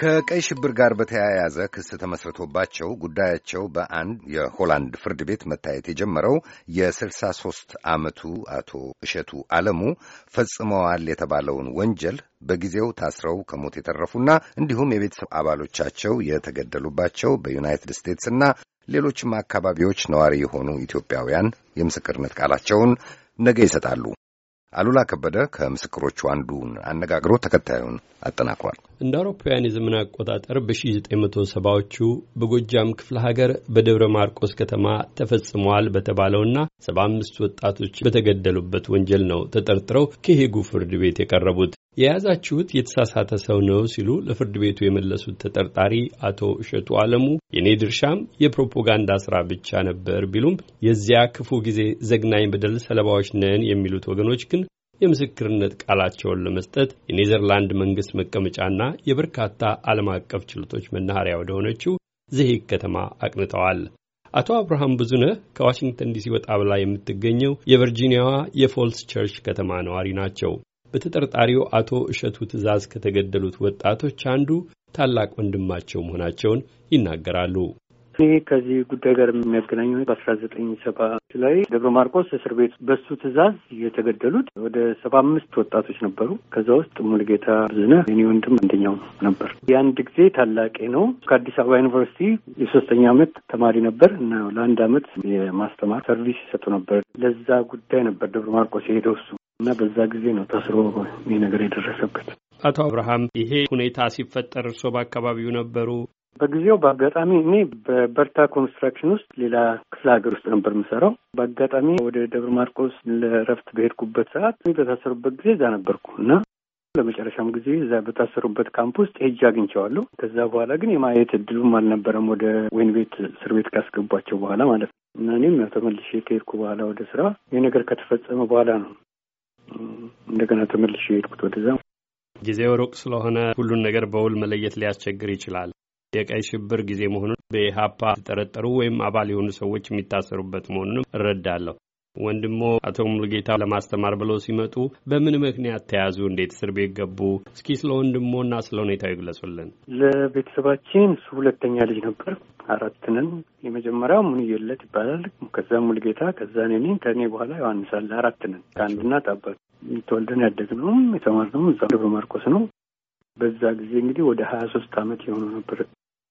ከቀይ ሽብር ጋር በተያያዘ ክስ ተመስርቶባቸው ጉዳያቸው በአንድ የሆላንድ ፍርድ ቤት መታየት የጀመረው የ63 ዓመቱ አቶ እሸቱ አለሙ ፈጽመዋል የተባለውን ወንጀል በጊዜው ታስረው ከሞት የተረፉና እንዲሁም የቤተሰብ አባሎቻቸው የተገደሉባቸው በዩናይትድ ስቴትስ እና ሌሎችም አካባቢዎች ነዋሪ የሆኑ ኢትዮጵያውያን የምስክርነት ቃላቸውን ነገ ይሰጣሉ። አሉላ ከበደ ከምስክሮቹ አንዱን አነጋግሮ ተከታዩን አጠናቅሯል። እንደ አውሮፓውያን የዘመን አቆጣጠር በ1970ዎቹ በጎጃም ክፍለ ሀገር በደብረ ማርቆስ ከተማ ተፈጽሟል በተባለውና 75 ወጣቶች በተገደሉበት ወንጀል ነው ተጠርጥረው ከሄጉ ፍርድ ቤት የቀረቡት። የያዛችሁት የተሳሳተ ሰው ነው ሲሉ ለፍርድ ቤቱ የመለሱት ተጠርጣሪ አቶ እሸቱ አለሙ የእኔ ድርሻም የፕሮፓጋንዳ ስራ ብቻ ነበር ቢሉም የዚያ ክፉ ጊዜ ዘግናኝ በደል ሰለባዎች ነን የሚሉት ወገኖች ግን የምስክርነት ቃላቸውን ለመስጠት የኔዘርላንድ መንግስት መቀመጫና የበርካታ ዓለም አቀፍ ችሎቶች መናኸሪያ ወደሆነችው ዝሄግ ከተማ አቅንተዋል። አቶ አብርሃም ብዙነህ ከዋሽንግተን ዲሲ ወጣ ብላ የምትገኘው የቨርጂኒያዋ የፎልስ ቸርች ከተማ ነዋሪ ናቸው። በተጠርጣሪው አቶ እሸቱ ትዕዛዝ ከተገደሉት ወጣቶች አንዱ ታላቅ ወንድማቸው መሆናቸውን ይናገራሉ። እኔ ከዚህ ጉዳይ ጋር የሚያገናኘው በአስራ ዘጠኝ ሰባት ላይ ደብረ ማርቆስ እስር ቤት በሱ ትዕዛዝ የተገደሉት ወደ ሰባ አምስት ወጣቶች ነበሩ። ከዛ ውስጥ ሙልጌታ ብዙነህ የኔ ወንድም አንደኛው ነበር። የአንድ ጊዜ ታላቄ ነው። ከአዲስ አበባ ዩኒቨርሲቲ የሶስተኛ ዓመት ተማሪ ነበር እና ለአንድ አመት የማስተማር ሰርቪስ ይሰጡ ነበር። ለዛ ጉዳይ ነበር ደብረ ማርቆስ የሄደው እሱ እና በዛ ጊዜ ነው ታስሮ ይህ ነገር የደረሰበት። አቶ አብርሃም፣ ይሄ ሁኔታ ሲፈጠር እርስዎ በአካባቢው ነበሩ? በጊዜው በአጋጣሚ እኔ በበርታ ኮንስትራክሽን ውስጥ ሌላ ክፍለ ሀገር ውስጥ ነበር የምሰራው። በአጋጣሚ ወደ ደብረ ማርቆስ ለረፍት በሄድኩበት ሰዓት በታሰሩበት ጊዜ እዛ ነበርኩ እና ለመጨረሻም ጊዜ እዛ በታሰሩበት ካምፕ ውስጥ ሄጄ አግኝቸዋለሁ። ከዛ በኋላ ግን የማየት እድሉም አልነበረም ወደ ወይን ቤት እስር ቤት ካስገቧቸው በኋላ ማለት ነው። እና እኔም ያው ተመልሼ ከሄድኩ በኋላ ወደ ስራ ይህ ነገር ከተፈጸመ በኋላ ነው እንደገና ተመልሼ የሄድኩት ወደዛ። ጊዜው ሩቅ ስለሆነ ሁሉን ነገር በውል መለየት ሊያስቸግር ይችላል። የቀይ ሽብር ጊዜ መሆኑን በኢህአፓ የተጠረጠሩ ወይም አባል የሆኑ ሰዎች የሚታሰሩበት መሆኑንም እረዳለሁ። ወንድሞ አቶ ሙሉጌታ ለማስተማር ብለው ሲመጡ በምን ምክንያት ተያዙ? እንዴት እስር ቤት ገቡ? እስኪ ስለ ወንድሞና ስለ ሁኔታው ይግለጹልን። ለቤተሰባችን እሱ ሁለተኛ ልጅ ነበር። አራትንን የመጀመሪያው የለት ይባላል። ከዛ ሙሉጌታ፣ ከዛ እኔ፣ ከእኔ በኋላ ዮሐንስ አለ። ነን። ከአንድ እናት አባት ተወልደን ያደግነውም የተማርነውም እዛው ደብረ ማርቆስ ነው። በዛ ጊዜ እንግዲህ ወደ ሀያ ሶስት አመት የሆኑ ነበር።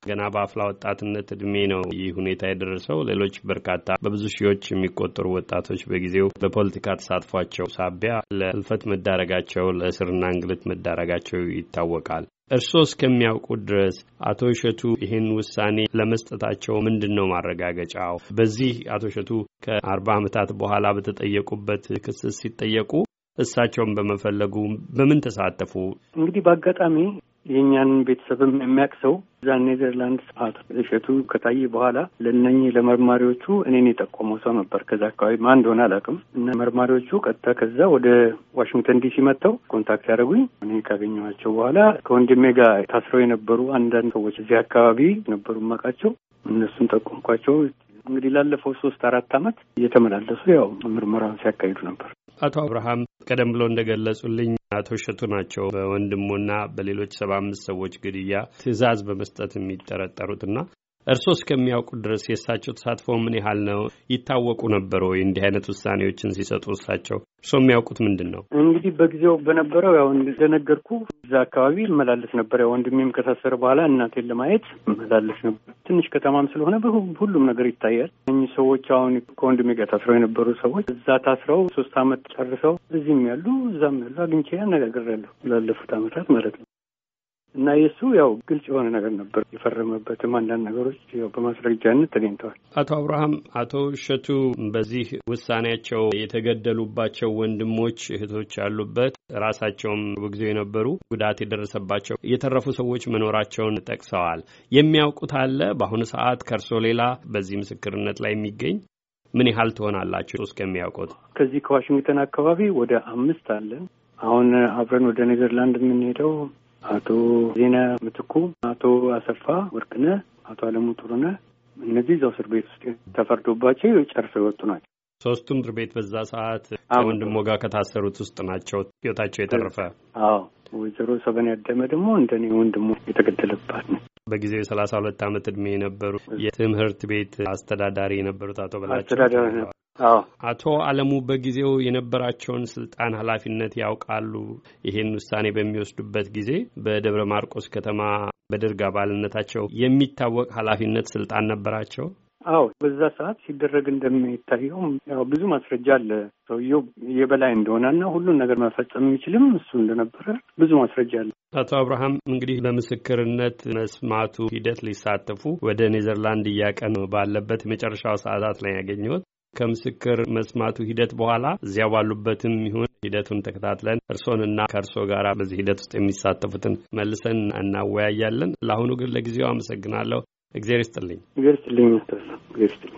ገና በአፍላ ወጣትነት እድሜ ነው ይህ ሁኔታ የደረሰው። ሌሎች በርካታ በብዙ ሺዎች የሚቆጠሩ ወጣቶች በጊዜው በፖለቲካ ተሳትፏቸው ሳቢያ ለህልፈት መዳረጋቸው፣ ለእስርና እንግልት መዳረጋቸው ይታወቃል። እርስዎ እስከሚያውቁት ድረስ አቶ እሸቱ ይህን ውሳኔ ለመስጠታቸው ምንድን ነው ማረጋገጫው? በዚህ አቶ እሸቱ ከአርባ ዓመታት በኋላ በተጠየቁበት ክስ ሲጠየቁ እሳቸውን በመፈለጉ በምን ተሳተፉ? እንግዲህ በአጋጣሚ የእኛን ቤተሰብም የሚያውቅ ሰው እዛ ኔዘርላንድ አቶ እሸቱ ከታየ በኋላ ለእነኚህ ለመርማሪዎቹ እኔን የጠቆመው ሰው ነበር። ከዛ አካባቢ ማን እንደሆነ አላውቅም። እና መርማሪዎቹ ቀጥታ ከዛ ወደ ዋሽንግተን ዲሲ መጥተው ኮንታክት ያደረጉኝ እኔ ካገኘኋቸው በኋላ ከወንድሜ ጋር ታስረው የነበሩ አንዳንድ ሰዎች እዚህ አካባቢ ነበሩ የማውቃቸው፣ እነሱን ጠቆምኳቸው። እንግዲህ ላለፈው ሶስት አራት አመት እየተመላለሱ ያው ምርመራውን ሲያካሂዱ ነበር። አቶ አብርሃም ቀደም ብሎ እንደገለጹልኝ አቶ እሸቱ ናቸው በወንድሙና በሌሎች ሰባ አምስት ሰዎች ግድያ ትዕዛዝ በመስጠት የሚጠረጠሩትና እርስዎ እስከሚያውቁ ድረስ የእሳቸው ተሳትፎ ምን ያህል ነው? ይታወቁ ነበር ወይ? እንዲህ አይነት ውሳኔዎችን ሲሰጡ እሳቸው እርስዎ የሚያውቁት ምንድን ነው? እንግዲህ በጊዜው በነበረው ያው እንደነገርኩ እዛ አካባቢ እመላለስ ነበር። ያው ወንድሜም ከታሰረ በኋላ እናቴን ለማየት እመላለስ ነበር። ትንሽ ከተማም ስለሆነ ሁሉም ነገር ይታያል። እኚህ ሰዎች አሁን ከወንድሜ ጋር ታስረው የነበሩ ሰዎች እዛ ታስረው ሶስት አመት ጨርሰው እዚህም ያሉ እዛም ያሉ አግኝቼ አነጋግሬያለሁ ላለፉት አመታት ማለት ነው። እና የእሱ ያው ግልጽ የሆነ ነገር ነበር። የፈረመበትም አንዳንድ ነገሮች ያው በማስረጃነት ተገኝተዋል። አቶ አብርሃም፣ አቶ እሸቱ በዚህ ውሳኔያቸው የተገደሉባቸው ወንድሞች እህቶች ያሉበት ራሳቸውም በጊዜው የነበሩ ጉዳት የደረሰባቸው የተረፉ ሰዎች መኖራቸውን ጠቅሰዋል። የሚያውቁት አለ በአሁኑ ሰዓት ከእርሶ ሌላ በዚህ ምስክርነት ላይ የሚገኝ ምን ያህል ትሆናላችሁ እስከሚያውቁት? ከዚህ ከዋሽንግተን አካባቢ ወደ አምስት አለን። አሁን አብረን ወደ ኔዘርላንድ የምንሄደው አቶ ዜና ምትኩ፣ አቶ አሰፋ ወርቅነ አቶ አለሙ ጥሩነ እነዚህ እዛው እስር ቤት ውስጥ ተፈርዶባቸው ጨርሰው የወጡ ናቸው። ሶስቱም እስር ቤት በዛ ሰዓት ወንድሞ ጋር ከታሰሩት ውስጥ ናቸው። ህይወታቸው የተረፈ አዎ። ወይዘሮ ሰበን ያደመ ደግሞ እንደኔ ወንድሞ የተገደለባት ነው። በጊዜው የሰላሳ ሁለት ዓመት እድሜ የነበሩ የትምህርት ቤት አስተዳዳሪ የነበሩት አቶ በላቸው አቶ አለሙ በጊዜው የነበራቸውን ስልጣን ኃላፊነት ያውቃሉ። ይሄን ውሳኔ በሚወስዱበት ጊዜ በደብረ ማርቆስ ከተማ በደርግ አባልነታቸው የሚታወቅ ኃላፊነት ስልጣን ነበራቸው። አዎ በዛ ሰዓት ሲደረግ እንደሚታየው ያው ብዙ ማስረጃ አለ። ሰውየው የበላይ እንደሆነና ሁሉን ነገር መፈጸም የሚችልም እሱ እንደነበረ ብዙ ማስረጃ አለ። አቶ አብርሃም እንግዲህ በምስክርነት መስማቱ ሂደት ሊሳተፉ ወደ ኔዘርላንድ እያቀኑ ባለበት የመጨረሻው ሰዓታት ላይ ያገኘሁት ከምስክር መስማቱ ሂደት በኋላ እዚያ ባሉበትም ይሁን ሂደቱን ተከታትለን እርስዎንና ከእርስዎ ጋር በዚህ ሂደት ውስጥ የሚሳተፉትን መልሰን እናወያያለን። ለአሁኑ ግን ለጊዜው አመሰግናለሁ። እግዜር ይስጥልኝ። እግዜር ይስጥልኝ።